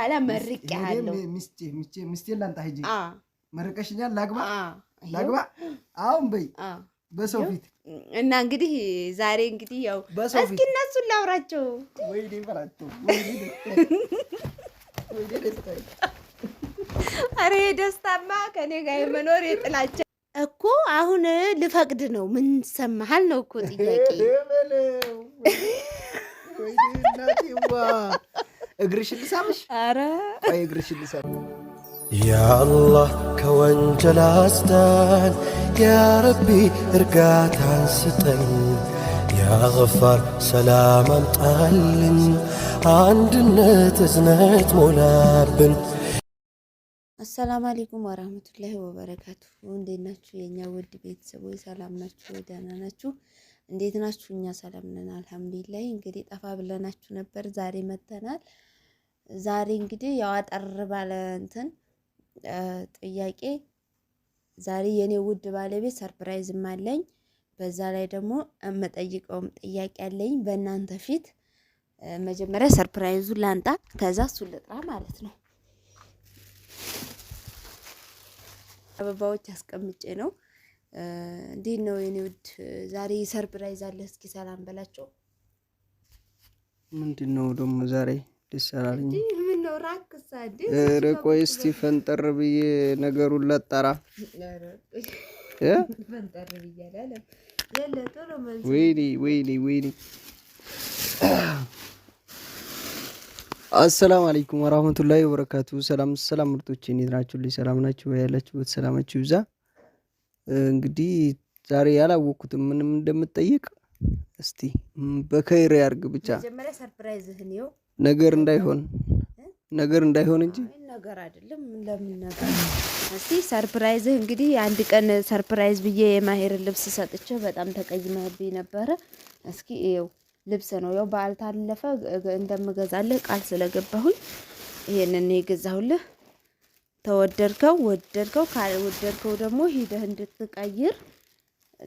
በኋላ መርቅ ያለው ሚስቴን ላንጣ ሂጂ መርቀሽኛል፣ ላግባ ላግባ አሁን በይ በሰው ፊት እና እንግዲህ ዛሬ እንግዲህ ያው እስኪ እነሱን ላውራቸው ኧረ ደስታማ ከኔ ጋር የመኖር የጥላቸው እኮ አሁን ልፈቅድ ነው። ምን ሰማሃል ነው እኮ ጥያቄ እግርሽ ልሳምሽ፣ ኧረ ቆይ እግርሽ ልሳምሽ። ያአላህ ከወንጀል አስዳን፣ ያረቢ እርጋታን ስጠኝ፣ ያገፋር ሰላም አምጣልን፣ አንድነት እዝነት ሞላብን። አሰላም አሌይኩም ወራህመቱላሂ ወበረካቱ። እንዴት ናችሁ የእኛ ውድ ቤተሰቦች? ሰላም ናችሁ? ደህና ናችሁ? እንዴት ናችሁ? እኛ ሰላም ነን፣ አልሐምዱሊላህ። እንግዲህ ጠፋ ብለናችሁ ነበር፣ ዛሬ መጥተናል። ዛሬ እንግዲህ ያው አጠር ባለ እንትን ጥያቄ ዛሬ የኔ ውድ ባለቤት ሰርፕራይዝም አለኝ። በዛ ላይ ደግሞ የምጠይቀውም ጥያቄ አለኝ በእናንተ ፊት። መጀመሪያ ሰርፕራይዙ ላንጣ፣ ከዛ እሱ ልጥራ ማለት ነው። አበባዎች አስቀምጬ ነው። እንዴት ነው የኔ ውድ ዛሬ ሰርፕራይዝ አለ? እስኪ ሰላም በላቸው። ምንድን ነው ደግሞ ዛሬ ይሰራልኝ። ቆይ እስቲ ፈንጠር ብዬ ነገሩን ለጠራ ወይኔ አሰላሙ አለይኩም ወራህመቱላሂ ወበረካቱ። ሰላም ሰላም፣ ምርጦች እንዴት ናችሁ? ሰላም ናችሁ? ያላችሁበት ሰላማችሁ ይብዛ። እንግዲህ ዛሬ ያላወቅኩትም ምንም እንደምጠይቅ እስቲ በከይር ያርግ ብቻ ነገር እንዳይሆን ነገር እንዳይሆን እንጂ ነገር አይደለም። ለምን ነገር እስቲ ሰርፕራይዝህ እንግዲህ አንድ ቀን ሰርፕራይዝ ብዬ የማሄር ልብስ ሰጥቼ በጣም ተቀይመህብኝ ነበረ። እስኪ ይኸው ልብስ ነው ያው በዓል ታለፈ እንደምገዛልህ ቃል ስለገባሁኝ ይሄንን የገዛሁልህ ተወደድከው ወደድከው፣ ካልወደድከው ደግሞ ሂደህ እንድትቀይር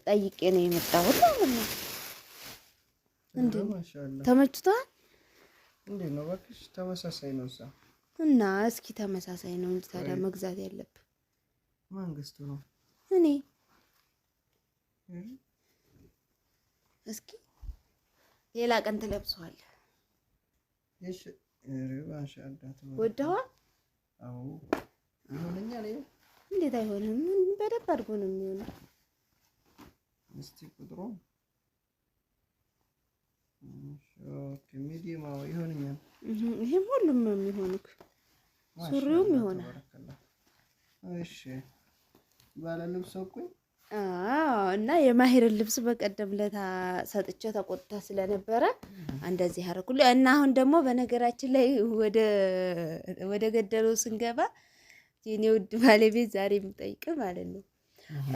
ጠይቄ ነው የመጣሁት ማለት ነው። ተመችቷል። እንዴት ነው እባክሽ? ተመሳሳይ ነው እዛ እና እስኪ ተመሳሳይ ነው እንጂ ታዲያ መግዛት ያለብህ ማንግስቱ ነው። እኔ እስኪ ሌላ ቀን ትለብሰዋለህ። እሺ እንዴት አይሆንም? በደንብ አድርጎ ነው የሚሆነው። እስቲ ቁጥሩ ይህም ሁሉም ሱሪውም ይሆናል። ባለ ልብስ እኩኝ እና የማሄርን ልብስ በቀደም ለታ ሰጥቼ ተቆጥታ ስለነበረ እንደዚህ አደረኩልኝ። እና አሁን ደግሞ በነገራችን ላይ ወደ ገደለው ስንገባ የኔ ውድ ባለቤት ዛሬ የምጠይቅ ማለት ነው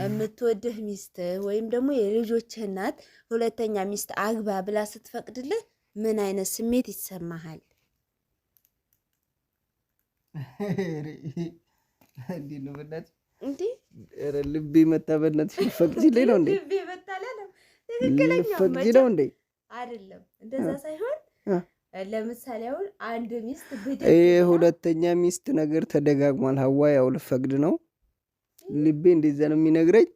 የምትወድህ ሚስት ወይም ደግሞ የልጆች እናት ሁለተኛ ሚስት አግባ ብላ ስትፈቅድልህ ምን አይነት ስሜት ይሰማሃል? እንዲህ ልቤ መታ በእናትሽ ነው እንዴ? ልትፈቅጂ ነው እንዴ? አይደለም፣ እንደዛ ሳይሆን ለምሳሌ አሁን አንድ ሚስት ብድ ሁለተኛ ሚስት ነገር ተደጋግሟል። ሀዋ ያው ልፈቅድ ነው ልቤ እንደዛ ነው የሚነግረኝ።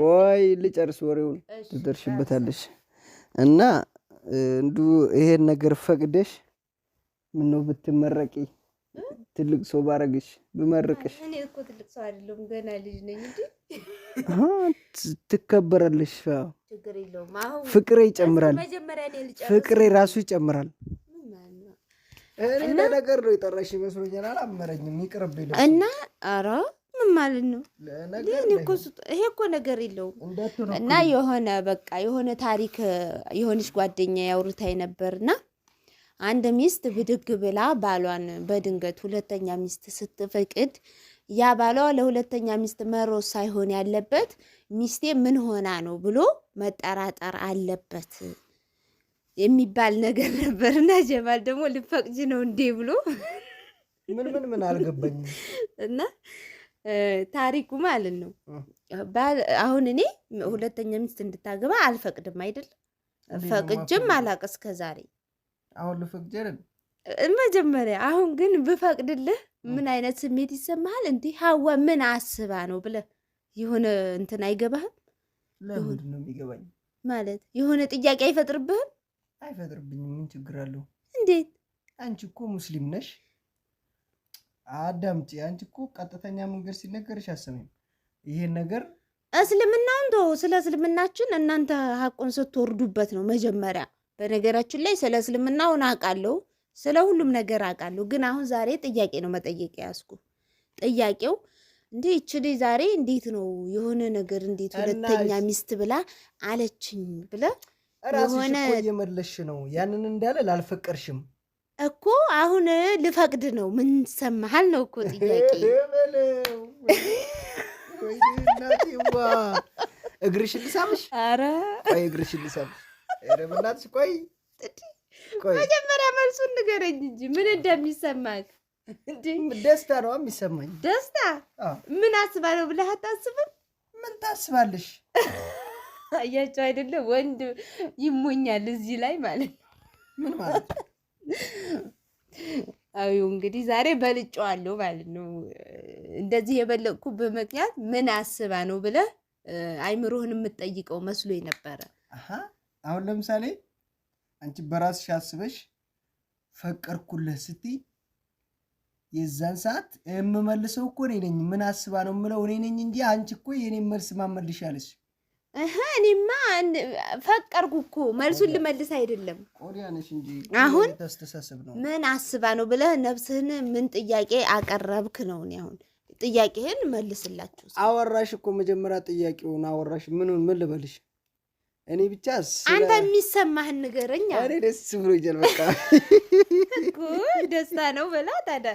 ቆይ ልጨርስ ወሬውን ትደርሽበታለሽ። እና እንዱ ይሄን ነገር ፈቅደሽ ምነው ብትመረቂ ትልቅ ሰው ባረግሽ ብመርቅሽ። እኔ እኮ ትልቅ ሰው አይደለሁም ገና ልጅ ነኝ እንጂ ትከበራለሽ። ፍቅሬ ይጨምራል። ፍቅሬ ራሱ ይጨምራል። እኔ ነገር ነው የጠራሽ ይመስሎኛል። አላመረኝም። ይቅርብኝ እና አራ ማለት ነው። ይሄ እኮ ነገር የለውም እና የሆነ በቃ የሆነ ታሪክ የሆነች ጓደኛ ያውርታይ ነበርና አንድ ሚስት ብድግ ብላ ባሏን በድንገት ሁለተኛ ሚስት ስትፈቅድ ያ ባሏ ለሁለተኛ ሚስት መሮ ሳይሆን ያለበት ሚስቴ ምን ሆና ነው ብሎ መጠራጠር አለበት የሚባል ነገር ነበር እና ጀማል ደግሞ ልፈቅጅ ነው እንዴ ብሎ ምን ምን ምን አልገባኝም እና ታሪኩ ማለት ነው። አሁን እኔ ሁለተኛ ሚስት እንድታገባ አልፈቅድም አይደል? ፈቅጅም አላቅ እስከ ዛሬ አሁን መጀመሪያ አሁን ግን ብፈቅድልህ ምን አይነት ስሜት ይሰማሃል? እንዲህ ሀዋ ምን አስባ ነው ብለህ የሆነ እንትን አይገባህም? ለምንድን ነው የሚገባኝ? ማለት የሆነ ጥያቄ አይፈጥርብህም? አይፈጥርብኝም። ምን ችግር አለው? እንዴት አንቺ እኮ ሙስሊም ነሽ አዳምጪ። አንቺ እኮ ቀጥተኛ መንገድ ሲነገርሽ አሰሚም። ይሄን ነገር እስልምናውን ተው። ስለ እስልምናችን እናንተ ሀቁን ስትወርዱበት ነው መጀመሪያ። በነገራችን ላይ ስለ እስልምናውን አውቃለሁ፣ ስለ ሁሉም ነገር አውቃለሁ። ግን አሁን ዛሬ ጥያቄ ነው መጠየቅ ያስኩ። ጥያቄው እንዴ ይችል ዛሬ እንዴት ነው የሆነ ነገር እንዴት ሁለተኛ ሚስት ብላ አለችኝ ብለ ራስሽ እኮ እየመለስሽ ነው። ያንን እንዳለ ላልፈቀርሽም እኮ አሁን ልፈቅድ ነው። ምን ሰማሃል ነው እኮ ጥያቄ። እግርሽን ልሳምሽ፣ ቆይ እግርሽን ልሳምሽ። ኧረ በእናትሽ ቆይ መጀመሪያ መልሱን ንገረኝ እንጂ ምን እንደሚሰማል። ደስታ ነው የሚሰማኝ። ደስታ ምን አስባለሁ ብለህ አታስብም? ምን ታስባለሽ? አያቸው አይደለም ወንድ ይሞኛል እዚህ ላይ ማለት ነው። ምን ማለት ነው? አዩ እንግዲህ ዛሬ በልጬዋለሁ ማለት ነው። እንደዚህ የበለቅኩበት ምክንያት ምን አስባ ነው ብለ አይምሮህን የምትጠይቀው መስሎ ነበረ። አሁን ለምሳሌ አንቺ በራስሽ አስበሽ ፈቀርኩልህ ስትይ የዛን ሰዓት የምመልሰው እኮ እኔ ነኝ። ምን አስባ ነው የምለው እኔ ነኝ እንጂ አንቺ እኮ የኔ መልስ ማመልሻለች እኔማ ፈቀርኩ እኮ መልሱን ልመልስ አይደለም። አሁን ምን አስባ ነው ብለህ ነፍስህን ምን ጥያቄ አቀረብክ ነው? እኔ አሁን ጥያቄህን መልስላችሁ። አወራሽ እኮ መጀመሪያ ጥያቄውን አወራሽ። ምኑን ምን ልበልሽ? እኔ ብቻ አንተ የሚሰማህን ንገረኝ። እኔ ደስ ብሎኛል። በቃ ደስታ ነው በላ ታዲያ።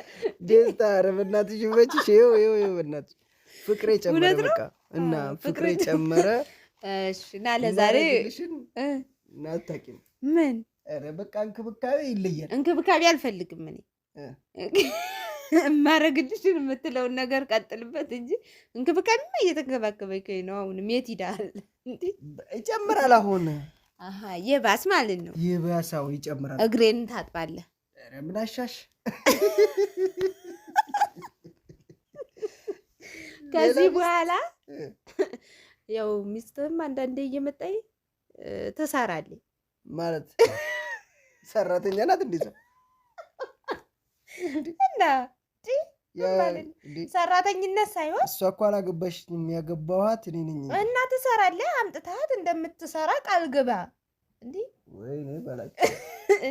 ደስታ ኧረ በእናትሽ ይኸው ይኸው ይኸው በእናትሽ ፍቅሬ ጨመረ። በቃ እና ፍቅሬ ጨመረ እና ለዛሬ ምን በቃ እንክብካቤ ይለያል። እንክብካቤ አልፈልግም እኔ የማረግልሽን የምትለውን ነገር ቀጥልበት እንጂ እንክብካቤማ እየተንከባከበኝ ነው። አሁንም የት ሂዳል? ይጨምራል። አሁን የባስ ማለት ነው። የባሳው ይጨምራል። እግሬን ታጥባለ ምን አሻሽ ከዚህ በኋላ ያው ሚስትህም አንዳንዴ እየመጣይ ትሰራለች ማለት ሰራተኛ ናት እንዴ? እና ሰራተኝነት ሳይሆን እሷ እኮ አላገባሽም፣ ያገባኋት እኔ ነኝ። እና ትሰራለህ፣ አምጥታት እንደምትሰራ ቃል ግባ። እንዲህ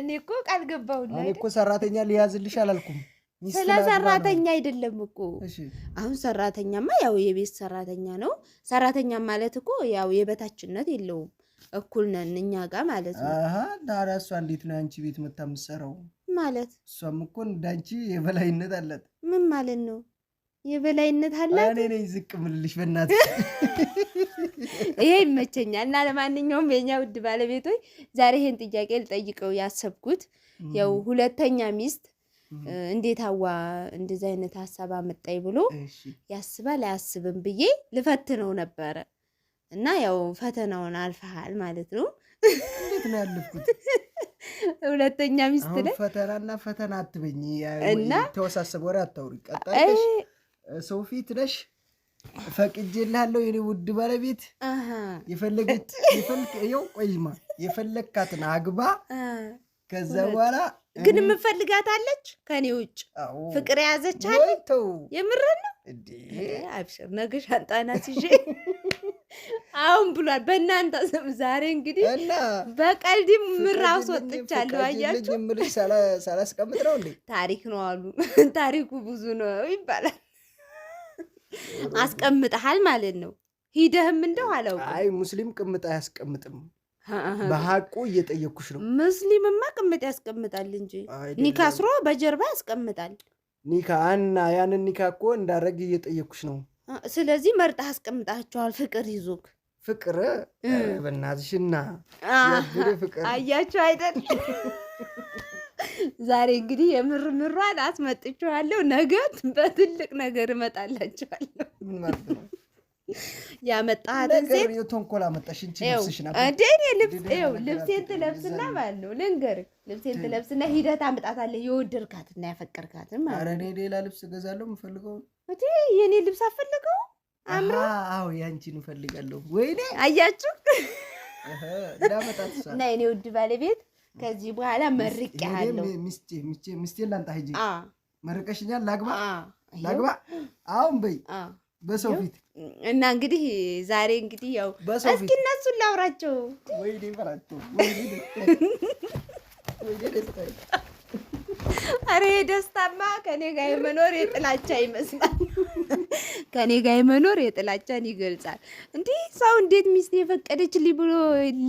እኔ እኮ ቃል ገባሁላ። እኔ እኮ ሰራተኛ ሊያዝልሽ አላልኩም። ስለ ሰራተኛ አይደለም እኮ አሁን ሰራተኛማ ያው የቤት ሰራተኛ ነው። ሰራተኛ ማለት እኮ ያው የበታችነት የለውም እኩል ነን እኛ ጋር ማለት ነው። ዳራ እሷ እንዴት ነው አንቺ ቤት መታ የምትሰራው ማለት? እሷም እኮ እንዳንቺ የበላይነት አላት። ምን ማለት ነው የበላይነት አላት? እኔ ነኝ ዝቅ ምልልሽ በእናትሽ። ይሄ ይመቸኛል። እና ለማንኛውም የኛ ውድ ባለቤቶች ዛሬ ይሄን ጥያቄ ልጠይቀው ያሰብኩት ያው ሁለተኛ ሚስት እንዴት አዋ እንደዚህ አይነት ሀሳብ አመጣኝ ብሎ ያስባል አያስብም ብዬ ልፈትነው ነበረ እና ያው ፈተናውን አልፈሃል ማለት ነው። እንዴት ነው ያለፍኩት? ሁለተኛ ሚስት ላይ ፈተናና ፈተና አትበኝ እና ተወሳሰብ ወሬ አታውሪ። ቀጣለሽ ሰው ፊት ነሽ ፈቅጄልሃለሁ የኔ ውድ ባለቤት የፈለገች ይው ቆይማ የፈለግካትን አግባ ከዛ በኋላ ግን የምፈልጋት አለች ከኔ ውጭ ፍቅር የያዘቻል። የምረን ነው። አብሽር ነገ ሻንጣና ይዤ አሁን ብሏል። በእናንተ ስም ዛሬ እንግዲህ በቀልድ ምር አስወጥቻለሁ። አያችሁ ሳላስቀምጥ ነው እንዴ? ታሪክ ነው አሉ። ታሪኩ ብዙ ነው ይባላል። አስቀምጠሃል ማለት ነው። ሂደህም እንደው አላውቅም። አይ ሙስሊም ቅምጣ አያስቀምጥም። በሀቁ እየጠየኩሽ ነው። ሙስሊምማ ቅምጥ ያስቀምጣል እንጂ ኒካ አስሮ በጀርባ ያስቀምጣል። ኒካ እና ያንን ኒካ እኮ እንዳረግ እየጠየኩሽ ነው። ስለዚህ መርጣ አስቀምጣቸዋል። ፍቅር ይዞክ ፍቅር በእናትሽና ፍቅር አያችሁ አይደል? ዛሬ እንግዲህ የምር ምሯን አስመጥችኋለሁ። ነገ በትልቅ ነገር እመጣላችኋለሁ። ያመጣሃትን ሴት አመጣሽ እንጂ ልብስሽን ልብሴን ትለብስና ማለት ነው። ልንገርህ ልብሴን ትለብስና ሂደት አምጣታለህ የወደድካትና ያፈቀርካትን ማለት ነው። እኔ ሌላ ልብስ እገዛለሁ የምፈልገው የእኔ ልብስ አምራ አዎ ያንቺን እፈልጋለሁ። ወይኔ አያችሁ እና ውድ ባለቤት ከዚህ በኋላ መርቄሃለሁ። ላንጣ ሂጂ መርቀሽኛል። ላግባ ላግባ አሁን በይ በሰው ፊት እና እንግዲህ ዛሬ እንግዲህ ያው እስኪ እነሱን ላውራቸው። ኧረ ደስታማ ከኔ ጋር የመኖር የጥላቻ ይመስላል። ከኔ ጋር የመኖር የጥላቻን ይገልጻል። እንዲህ ሰው እንዴት ሚስት የፈቀደችልኝ ብሎ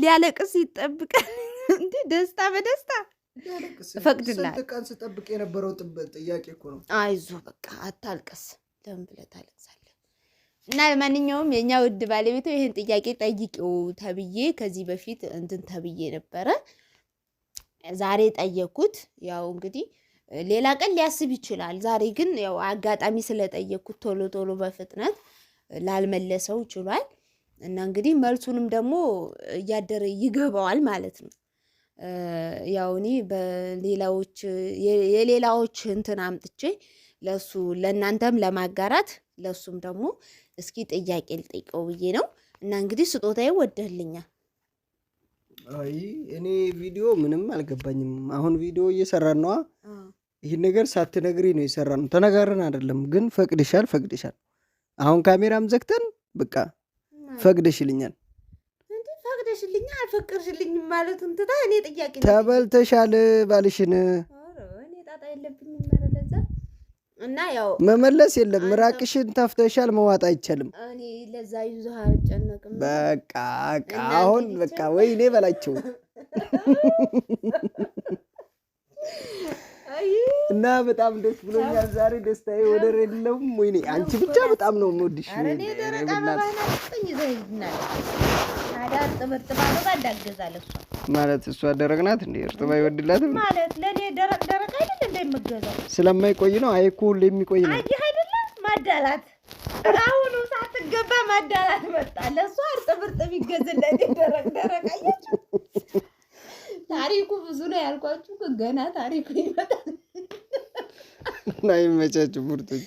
ሊያለቅስ ይጠብቃል። እንዲህ ደስታ በደስታ ፈቅድላል። ቀን ስጠብቅ የነበረው ጥያቄ እኮ ነው። አይዞህ በቃ አታልቀስ። ለምን ብለህ ታለቅሳለህ? እና ለማንኛውም የእኛ ውድ ባለቤቱ ይህን ጥያቄ ጠይቂው ተብዬ ከዚህ በፊት እንትን ተብዬ ነበረ። ዛሬ ጠየኩት። ያው እንግዲህ ሌላ ቀን ሊያስብ ይችላል። ዛሬ ግን ያው አጋጣሚ ስለጠየኩት ቶሎ ቶሎ በፍጥነት ላልመለሰው ችሏል እና እንግዲህ መልሱንም ደግሞ እያደረ ይገባዋል ማለት ነው። ያው እኔ በሌላዎች የሌላዎች እንትን አምጥቼ ለሱ ለእናንተም ለማጋራት ለሱም ደግሞ እስኪ ጥያቄ ልጠይቀው ብዬ ነው። እና እንግዲህ ስጦታዬ ወደህልኛል። አይ እኔ ቪዲዮ ምንም አልገባኝም። አሁን ቪዲዮ እየሰራን ነዋ። ይህን ነገር ሳትነግሪ ነው የሰራ ነው። ተነጋረን አይደለም ግን ፈቅድሻል፣ ፈቅድሻል። አሁን ካሜራም ዘግተን በቃ ፈቅደሽልኛል ፈቅደሽልኛ አልፈቅርሽልኝም ማለት እንትታ እኔ ጥያቄ ተበልተሻል ባልሽን እና ያው መመለስ የለም ምራቅሽን ተፍተሻል። መዋጥ አይቻልም። እኔ ለዛ በቃ አሁን በቃ ወይኔ በላቸው እና በጣም ደስ ብሎኛል። ዛሬ ደስታዬ ወደር የለውም። ወይኔ አንቺ ብቻ በጣም ነው የምወድሽ። ማለት እሷ ደረቅ ናት እንዴ? እርጥባ ይወድላት ማለት ለእኔ ደረቅ ደረቅ አይደል እንደምገዛው ስለማይቆይ ነው። አይ እኮ ሁሌ የሚቆይ ነው። አየህ አይደለ ማዳላት አሁኑ ሳትገባ ማዳላት መጣ። ለእሷ እርጥብ እርጥብ ይገዝለት ደረቅ ደረቅ አያቸው ታሪኩ ብዙ ነው ያልኳችሁ፣ ገና ታሪኩ ይመጣል እና ይመቻችሁ ምርጦች።